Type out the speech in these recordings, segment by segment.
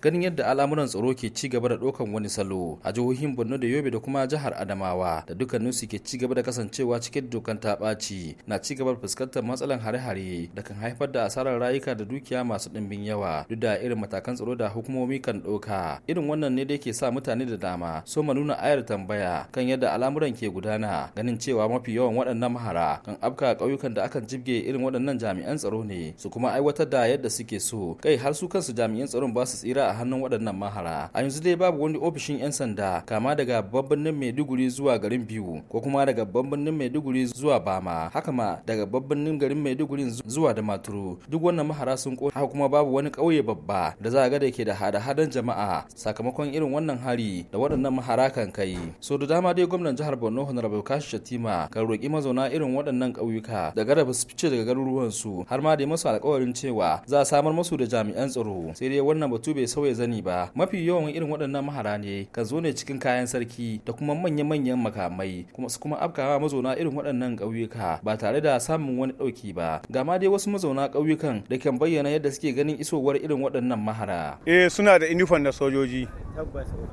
ganin yadda al'amuran tsaro ke ci gaba da ɗaukan wani salo a jihohin borno da yobe da kuma jihar adamawa da su ke ci gaba da kasancewa cikin dokan ta ɓaci na ci gaba da fuskantar matsalan hare-hare da kan haifar da asarar rayuka da dukiya masu ɗimbin yawa duk da irin matakan tsaro da hukumomi kan ɗauka irin wannan ne da ke sa mutane da dama so ma nuna ayar tambaya kan yadda al'amuran ke gudana ganin cewa mafi yawan waɗannan mahara kan afka ƙauyukan da akan jibge irin waɗannan jami'an tsaro ne su kuma aiwatar da yadda suke so kai har su kansu jami'an tsaron ba su tsira a hannun waɗannan mahara a yanzu dai babu wani ofishin 'yan sanda kama daga babban birnin maiduguri zuwa garin biyu ko kuma daga babban birnin maiduguri zuwa bama haka ma daga babban birnin garin maiduguri zuwa da maturu duk wannan mahara sun ko haka kuma babu wani ƙauye babba da za a ga da ke da hada-hadan jama'a sakamakon irin wannan hari da waɗannan mahara kan kai so da dama dai gwamnan jihar borno honorable kashi shatima kan roƙi mazauna irin waɗannan ƙauyuka da gara su fice daga garuruwansu har ma dai masu alƙawarin cewa za a samar masu da jami'an tsaro sai dai wannan batu bai sauya zani ba mafi yawan irin waɗannan mahara ne kan zo ne cikin kayan sarki da kuma manya-manyan makamai kuma su kuma afkawa mazauna irin waɗannan ƙauyuka ba tare da samun wani ɗauki ba ga ma dai wasu mazauna ƙauyukan da kan bayyana yadda suke ganin isowar irin waɗannan mahara eh suna da inifon na sojoji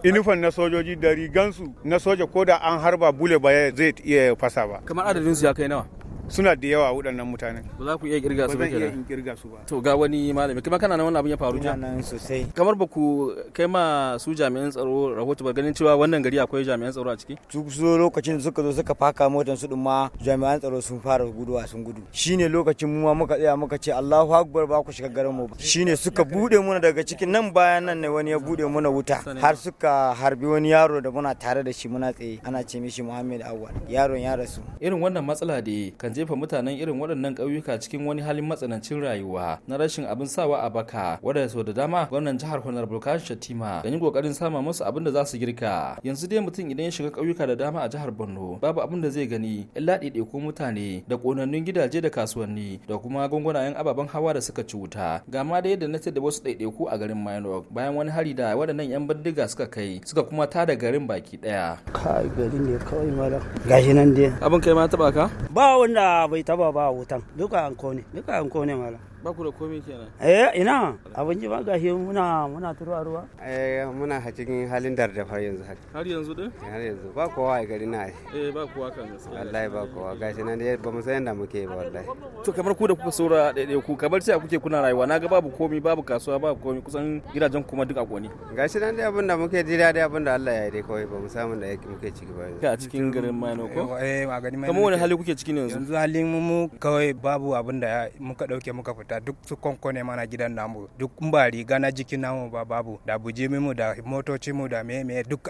inifon na sojoji da rigansu na soja ko da an harba bule ba zai iya fasa ba kamar adadin su ya kai nawa suna da yawa waɗannan mutanen ba za ku iya kirga su ba kenan kirga su ba to ga wani malami kuma kana nan wannan abin ya faru ja nan sosai kamar ba ku kai ma su jami'an tsaro rahoto ba ganin cewa wannan gari akwai jami'an tsaro a ciki su zo lokacin suka zo suka faka motan su ma jami'an tsaro sun fara guduwa sun gudu shine lokacin mu ma muka tsaya muka ce Allahu akbar ba ku shiga garin mu ba shine suka bude muna daga cikin nan bayan nan ne wani ya bude muna wuta har suka harbi wani yaro da muna tare da shi muna tsaye ana ce mishi Muhammad Awwal yaron ya rasu irin wannan matsala da kan jefa mutanen irin waɗannan ƙauyuka cikin wani halin matsanancin rayuwa na rashin abin sawa a baka wanda sau da dama gwamnan jihar honorable kashi shatima da yin ƙoƙarin sama musu abin da za su girka yanzu dai mutum idan ya shiga ƙauyuka da dama a jihar borno babu abin da zai gani illa ɗaiɗaikun mutane da ƙonannun gidaje da kasuwanni da kuma gungunayen ababen hawa da suka ci wuta ga ma da yadda na da wasu ɗaiɗaiku a garin minor bayan wani hari da waɗannan 'yan bindiga suka kai suka kuma tada garin baki ɗaya. ka garin ne kawai gashi nan dai abin kai ma taɓa ka ba wanda bai taba ba wutan duka an ne duka an kone mala ba ku da komai kenan eh ina ji ba gashi muna muna turuwa ruwa eh muna cikin halin darda har yanzu har har yanzu din eh, har yanzu ba kowa a gari na eh ba kowa kan gaskiya wallahi ba kowa gashi nan dai ba mu san yanda muke ba wallahi to kamar ku da kuka saura daidai ku kamar sai kuke kuna rayuwa na ga babu komai babu kasuwa babu komai kusan gidajen kuma duk a goni gashi nan dai abin da muke ji dai abin da Allah ya yi dai kawai ba mu samu da muke ciki ba yanzu cikin garin Maino ko eh a gani Maino kamar wani hali kuke ciki yanzu yanzu halin mu kawai babu abin da muka dauke muka fita da duk su konkone mana gidan namu duk ba riga na jikin namu ba babu da bujimi mu da motoci mu da me me duk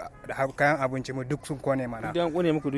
kayan abinci mu duk sun kone mana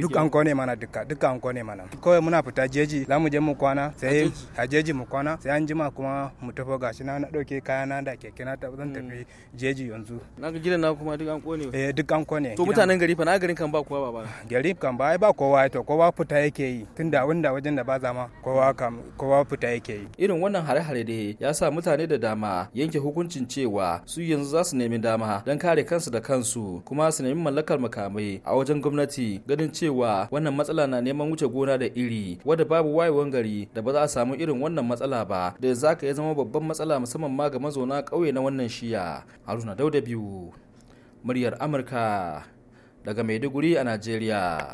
duk an kone mana duka duk an kone mana kawai muna fita jeji za mu je mu kwana sai a jeji mu kwana sai an jima kuma mu tafi gashi na na dauke kaya na da keke na ta zan tafi hmm. jeji yanzu na ga gidan na kuma duk an kone eh duk an kone to mutanen gari fa na garin kan ba kowa ba gari kan ba ai ba kowa to kowa fita yake yi tunda wanda wajen da ba zama kowa kowa fita yake yi irin wannan hare-hare ya sa mutane da dama yanke hukuncin cewa su yanzu za su nemi dama don kare kansu da kansu kuma su nemi mallakar makamai a wajen gwamnati ganin cewa wannan matsala na neman wuce gona da iri wadda babu wayewan gari da ba za a samu irin wannan matsala ba da za ka ya zama babban matsala musamman ma ga mazauna ƙauye na wannan shiya haruna dauda biyu muryar amurka daga maiduguri a najeriya